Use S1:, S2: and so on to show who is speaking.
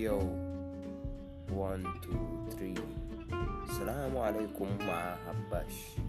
S1: Radio 123 Assalamualaikum Mahabash